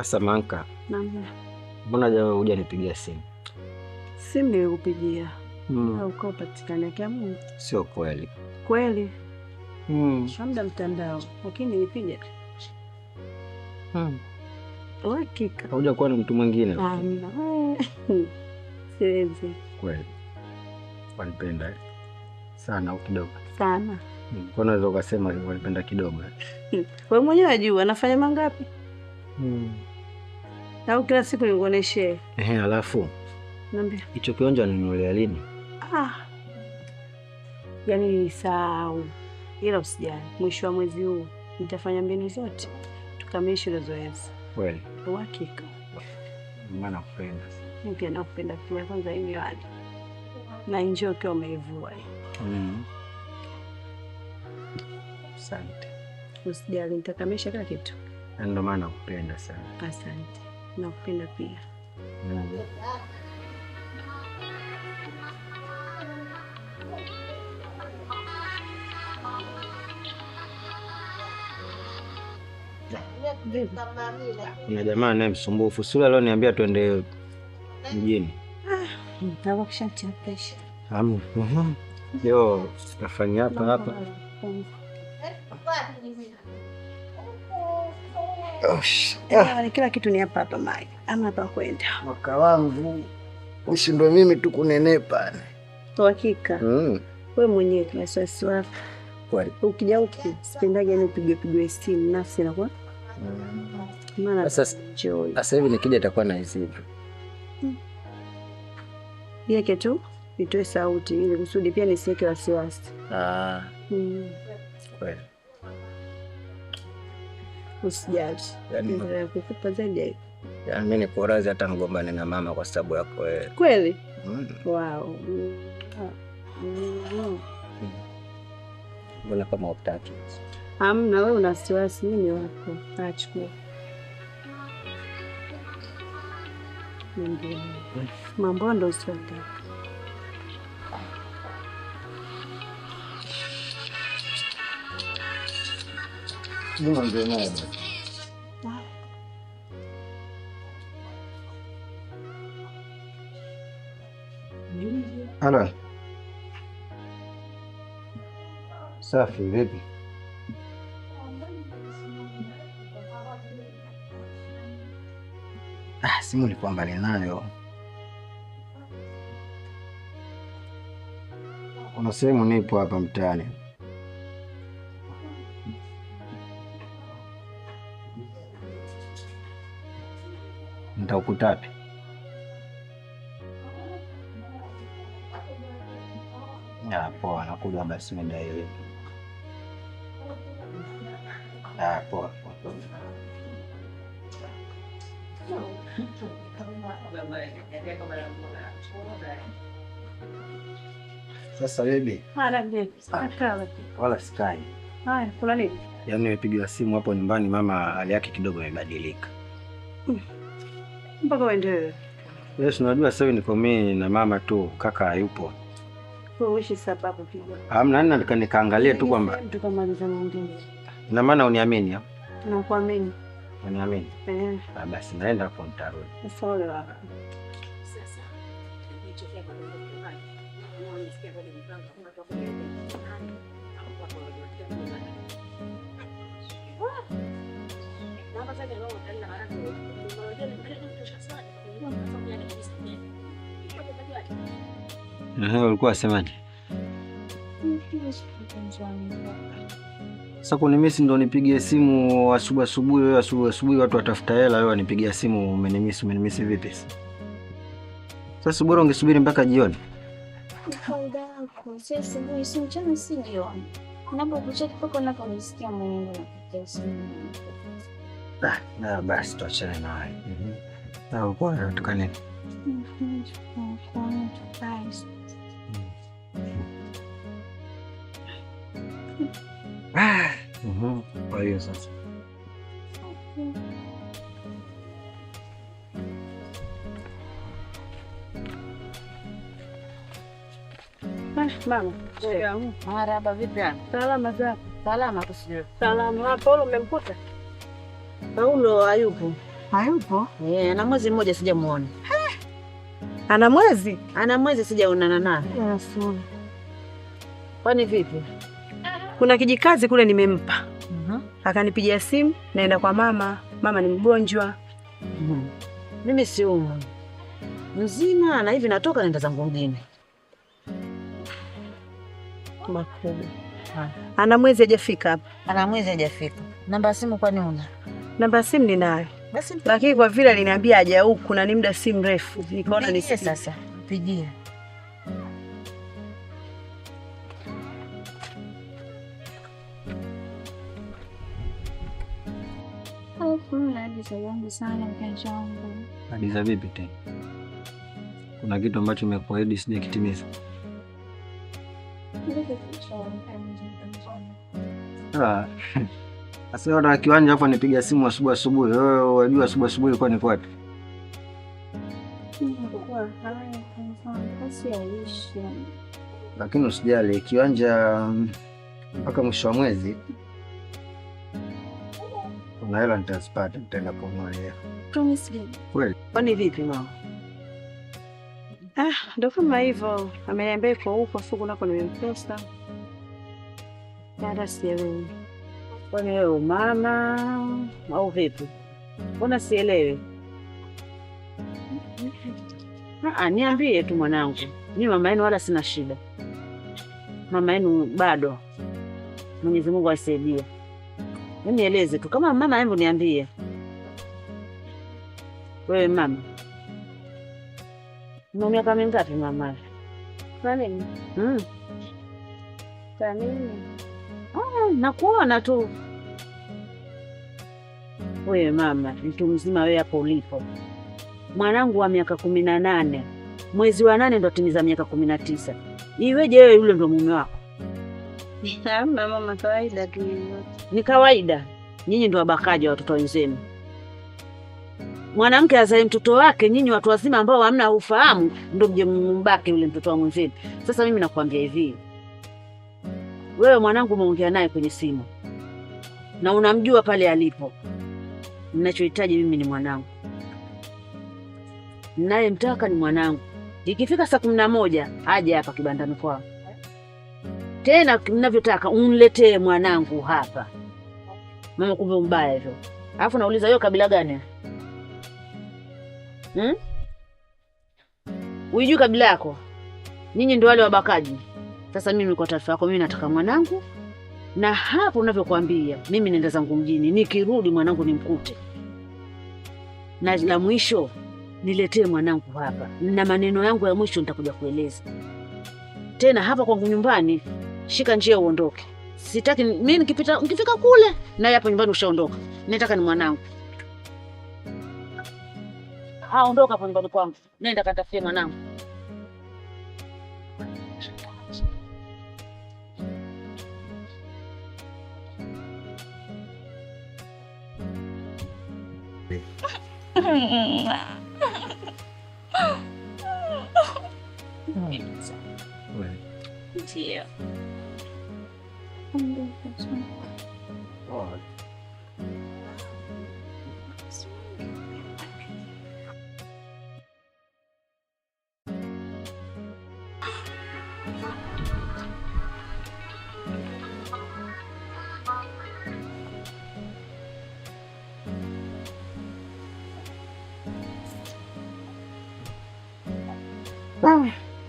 Asamanka, mbona huja nipigia simu? Simu nilikupigia hmm. Ukaupatikana kya Mungu. Sio kweli kweli, hmm. mtandao, lakini nilipiga hmm. Hakika hauja kuwa na mtu mwingine ah, siwezi kweli. Wanipenda sana au kidogo sana? Hmm. Unaweza ukasema wanipenda kidogo. we mwenyewe wajua nafanya mangapi? hmm au kila siku nikuoneshe? Ehe, alafu niambia hicho kionjo ninunulia lini? Ah, yaani nilisahau, ila usijali, mwisho wa mwezi huu nitafanya mbinu zote tukamilishe ile zoezi. Kweli uhakika? Maana nakupenda mimi pia nakupenda pia. Kwanza hii miwani na injo ukiwa umeivua. Mm. Asante. Usijali, nitakamilisha kila kitu. Ndio maana nakupenda sana. Asante nakupenda pia Kuna jamaa naye msumbufu Sula leo niambia twende mjini. Ah, Yo, tafanya hapa hapa. Ah. ni kila kitu ni hapa hapa mai ama hapa kwenda mwaka wangu ndo mimi tu kunenepa hakika. Mm. We mwenyewe wasiwasi wako ukija huku sipendage ni yaani pigwe pigwe simu nafsi inakuwa hmm. maana. Sasa hivi nikija itakuwa na hizi yake hmm. tu nitoe sauti ili kusudi pia nisiweke wasiwasi. Ah. Mm. Kweli usijali, endelea yaani kukupa zaidi. Yaani mimi niko radhi hata mgombane na mama kwa sababu yako wewe. Kweli? Mm. Mbona mm. kama Hamna, wewe una wasiwasi, mimi wako. Achukua. Mm. Mambo ndo Bună de nouă, băi. Halal. Safi, vipi? Ah, simu nilikuwa mbali nayo. Kuna sehemu nipo hapa mtaani. nitakutapi? Poa, nakuja basi hiyo. ile. Poa. Sasa bebi, ah. wala sikai. Yaani nimepigiwa simu hapo nyumbani, mama hali yake kidogo imebadilika mpaka uende wewe? Unajua sasa niko mimi na mama tu, kaka hayupo. Hamna nani nikaangalia tu kwamba na maana uniamini hapo. Eh? Nakuamini. Uniamini? Eh. Ah, basi naenda kwa mtarudi. Sawa baba. Sasa. Ulikuwa semani Sasa kuni misi ndo nipigie simu asubuhi asubuhi, wewe asubuhi asubuhi watu watafuta hela, wewe wanipigia simu umenimisi. Umenimisi vipi? Sasa bora ungesubiri mpaka jioni. Ah, na basi tuachane Ulikuwa mhm. nini? Kwa hiyo sasa mama, marahaba. Vipi? Salama zako? Salama Salama. Ah, Paulo umemkuta? Paulo hayupo. Hayupo? Eh, ah. ana mwezi mmoja sijamuona. Ana mwezi? Ana mwezi sijaonana naye. Kwani vipi? kuna kijikazi kule nimempa. mm -hmm. Akanipigia simu, naenda kwa mama, mama ni mgonjwa. mm -hmm. Mimi siu mzima, na hivi natoka naenda zangu mjini makubwa. Ana mwezi hajafika hapa, ana mwezi hajafika. Namba ya simu kwani una? Namba ya simu ninayo, lakini kwa vile aliniambia aja huku na ni muda si mrefu, nikaona ni sasa pigia hadiza zangu sana mpenzi wangu. Hadiza vipi tena? Kuna kitu ambacho nimekuahidi sijakitimiza. Ah, Asa hata kiwanja hapo nipiga simu asubuhi asubuhi. Wewe wajua asubuhi asubuhi ilikuwa niko kwapi? Lakini usijali, kiwanja mm, mpaka mwisho wa mwezi na hela nitazipata, nitaenda kununua hela. Promise baby. Kweli? Kwani vipi mama? Ah, ndo kama hivyo. Ameniambia kwa huko fuku nako nimemkosa. Dada sielewi. Kwani wewe mama au vipi? Mbona sielewi? Ah, niambie tu mwanangu. Mimi mama yenu wala sina shida. Mama yenu bado. Mwenyezi Mungu asaidie nieleze tu kama mama, hebu niambie wewe mama, una miaka mingapi mama? Hmm. Ah, nakuona tu wewe mama, mtu mzima wewe hapo ulipo. Mwanangu wa miaka kumi na nane mwezi wa nane ndo atimiza miaka kumi na tisa. Iweje wewe yule ndo mume wako? mama, kawaida tu. Ni kawaida, nyinyi ndio wabakaji wa watoto wenzenu. Mwanamke azae mtoto wake, nyinyi watu wazima ambao hamna ufahamu, ndio mje mbake yule mtoto wa mwenzenu. Sasa mimi nakwambia hivi, wewe mwanangu umeongea naye kwenye simu na unamjua pale alipo. Ninachohitaji mimi ni mwanangu, naye mtaka ni mwanangu. Ikifika saa kumi na moja aje hapa kibandani kwao tena ninavyotaka uniletee mwanangu hapa. Mama, kumbe mbaya hivyo. Alafu nauliza hiyo kabila gani? Hmm? Uijui kabila yako? Nyinyi ndio wale wabakaji. Sasa mimi kwa taarifa yako, mimi nataka mwanangu, na hapo unavyokuambia mimi nenda zangu mjini, nikirudi mwanangu nimkute, na la mwisho niletee mwanangu hapa, na maneno yangu ya mwisho nitakuja kueleza tena hapa kwangu nyumbani shika njia uondoke. Sitaki mimi nikipita, nikifika kule naye hapo nyumbani ushaondoka. Nataka ni mwanangu. aondoka hapo nyumbani kwangu, nenda kanitafutie mwanangu.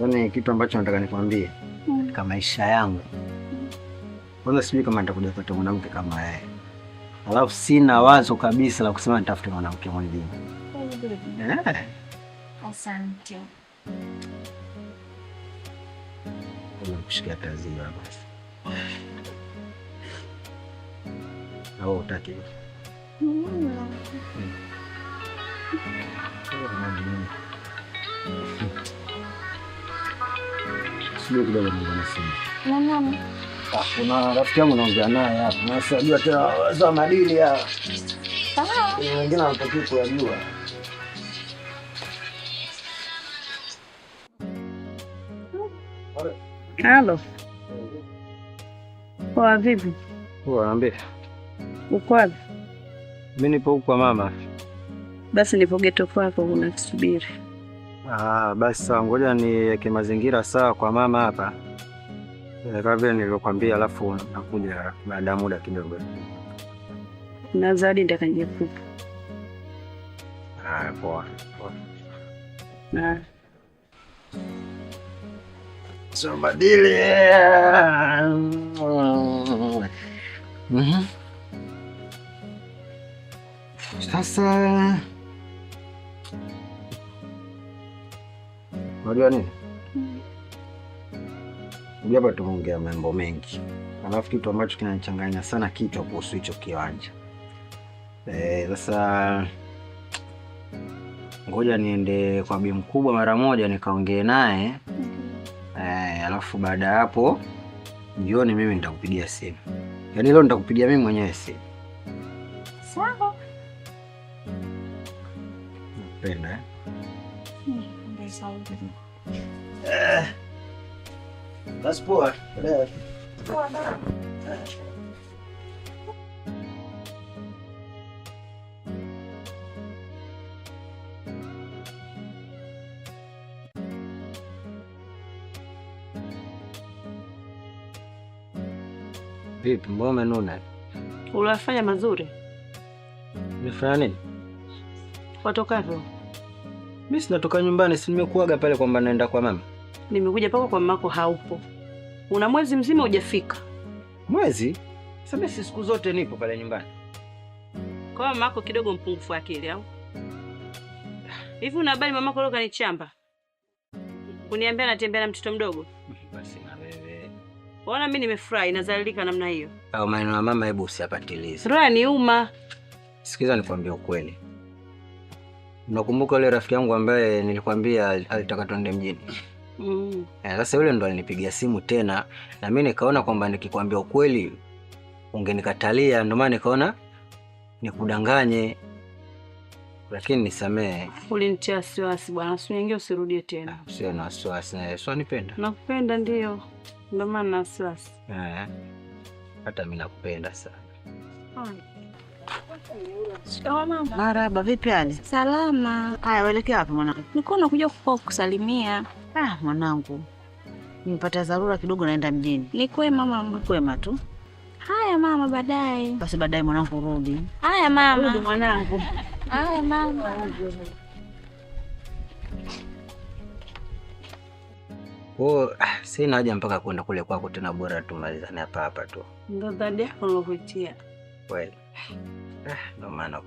Yaani kitu ambacho nataka nikwambie mm. katika maisha yangu kwanza sijui kama nitakuja kupata mwanamke kama yeye, alafu sina wazo kabisa la kusema nitafute mwanamke mwingine. Eh. Asante. kazi utaki? Mm. kidogo kaka, kuna rafiki yangu naongea naye hapa, na sijajua tena za madili ya. Sawa. wengine wanatakiwa kuyajua. Halo, poa, vipi? Poa, niambie, uko wapi? Mimi nipo huko kwa mama. Basi nipo geto kwako, unasubiri? Ah, basi sawa, ngoja yake mazingira sawa kwa mama hapa Eh, kama vile nilivyokwambia, alafu nakuja baada ya muda kidogo. Na zawadi nitakaje kukupa? Ah, poa. Na so badili. Mhm. Sasa unajua nini? Mm. Unajua hapa tumeongea mambo mengi, alafu kitu ambacho kinanichanganya sana kichwa kuhusu hicho kiwanja eh, sasa e, ngoja niende kwa bi mkubwa mara moja nikaongee naye e, alafu baada ya hapo jioni mimi nitakupigia simu. Yaani leo nitakupigia mimi mwenyewe simu. Sawa. Napenda eh? Hmm, eh. That's poa. Vipi, mbona umenuna? Ulifanya mazuri. Nifanya nini? Watokavyo. Mimi sinatoka nyumbani, si nimekuaga pale kwamba naenda kwa mama. Nimekuja pako kwa mamako, haupo. Una mwezi mzima hujafika. Mwezi? Sasa si siku zote nipo pale nyumbani. Kwa mamako kidogo mpungufu wa akili au? Hivi una habari mamako leo kanichamba? Kuniambia natembea na mtoto mdogo? Basi na wewe. Waona mimi nimefurahi nazalilika namna hiyo. Au maneno ya mama hebu usiyapatilize. Roho ni uma. Sikiza nikwambie ukweli. Unakumbuka yule rafiki yangu ambaye nilikwambia alitaka tuende mjini? Mm. Eh, sasa yule ndo alinipigia simu tena na mimi nikaona kwamba nikikwambia ukweli ungenikatalia, ndio maana nikaona nikudanganye, lakini nisamehe. Ulinitia wasiwasi bwana, siku usirudie tena. Ah, sio na wasiwasi, eh, sio nipenda. Nakupenda, ndio ndio maana na wasiwasi. Eh. Hata mimi nakupenda sana. Shikamoo mama. Marahaba, vipi hali? Salama. Haya, waelekea wapi mwanangu? Nilikuwa nakuja kwa kusalimia. Ah, mwanangu nimepata dharura kidogo, naenda mjini. Ni kwema mama? Kwema tu. Haya mama, baadaye. Basi baadaye mwanangu, rudi. Haya mama. Rudi mwanangu. Haya mama. Oh, sina haja mpaka kwenda kule kwako tena, bora tumalizane hapa hapa tu. Ndio dada yako nilokutia. Eh, ndio maana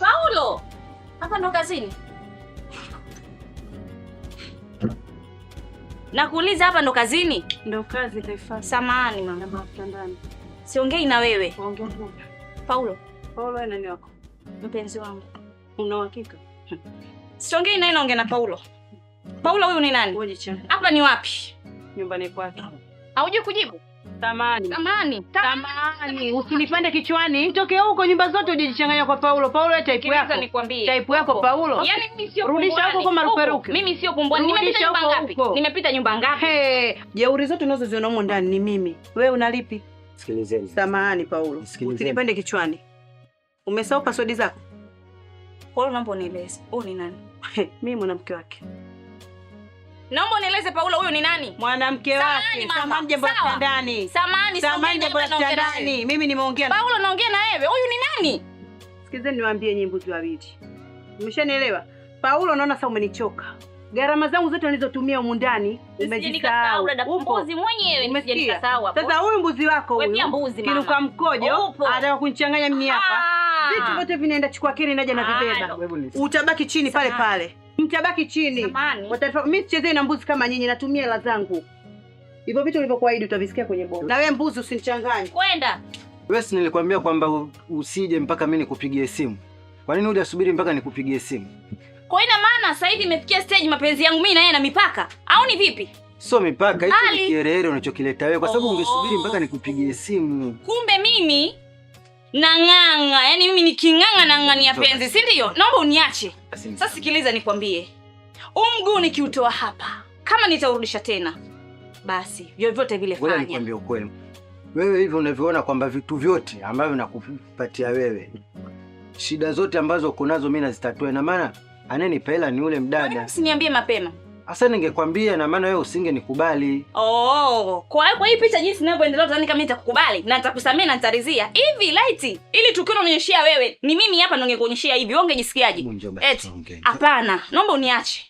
Paulo, hapa ndo kazini. Nakuuliza hapa ndo kazini? Ndo kazi kaifa. Samahani mama. Siongei na wewe. Ongea. Paulo. Paulo ni nani wako? Mpenzi wangu. Una uhakika? Siongei naye, naongea na Paulo. Paulo huyu ni nani? Hapa ni wapi? Nyumbani kwake. Haujui kujibu? Tamani. Tamani. Tamani. Usinipande kichwani. Mtokea huko nyumba zote ujijichanganya kwa Paulo. Paulo ya type yako. Nikwambie. Type yako Paulo. Yaani mimi sio kumbwani. Rudisha huko kwa ruperuki. Mimi sio pumbwani. Nimepita nyumba ngapi? Nimepita nyumba ngapi? Hey, jeuri zote unazoziona huko ndani ni mimi. Wewe unalipi? Sikilizeni. Tamani Paulo. Usinipande kichwani. Umesahau password zako? Paulo, naomba unieleze. Wewe ni nani? Mimi mwanamke wake. Naomba unieleze Paulo huyo ni nani? Mwanamke wake. Samani jambo la kitandani. Samani, samani jambo la kitandani. Mimi nimeongea. Paulo naongea na wewe. Huyu ni nani? Sikizeni niwaambie nyinyi mbuzi wawili. Umeshanielewa? Paulo naona sasa umenichoka. Gharama zangu zote nilizotumia humu ndani umejisahau. Mbuzi mwenyewe nisije nikasahau hapo. Sasa huyu mbuzi wako huyu kiruka mkojo anataka kunichanganya mimi hapa. Ah! Vitu vyote vinaenda, chukua kile naja na ah, vibeba. Utabaki chini pale pale mtabaki chini. Mimi sichezei na mbuzi kama nyinyi, natumia hela zangu. Hivyo vitu ulivyokuahidi utavisikia kwenye bodi. Na wewe mbuzi usinichanganye. Kwenda. Wewe si nilikwambia kwamba usije mpaka mimi nikupigie simu. Kwa nini uje hujasubiri mpaka nikupigie simu? Kwa ina maana sasa hivi imefikia stage mapenzi yangu mimi na yeye na mipaka au ni vipi? Sio mipaka, hicho ni kiherehere unachokileta wewe kwa sababu oh. ungesubiri mpaka nikupigie simu. Kumbe mimi nang'ang'a, yani mimi niking'ang'a nang'ania penzi, si ndio? Naomba uniache. Sasa sikiliza nikwambie, huu mguu nikiutoa hapa, kama nitaurudisha tena, basi vyovyote vile fanya. nikwambie ukweli, wewe hivyo unavyoona kwamba vitu vyote ambavyo nakupatia wewe, shida zote ambazo uko nazo mimi nazitatua, na maana anayenipa hela ni ule mdada. Usiniambie mapema Hasa ningekwambia na maana wewe usingenikubali. Oh, kwa hiyo kwa hii picha jinsi ninavyoendelea nadhani kama nitakukubali na nitakusamehe na nitaridhia. Hivi light, ili tukio unanionyeshia wewe, ni mimi hapa ndo ningekuonyeshia hivi. Wewe ungejisikiaje? Eti, hapana, naomba uniache.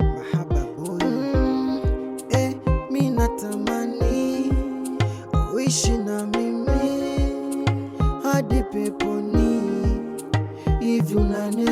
Mahaba boy. Mm. Eh, mimi natamani uishi unani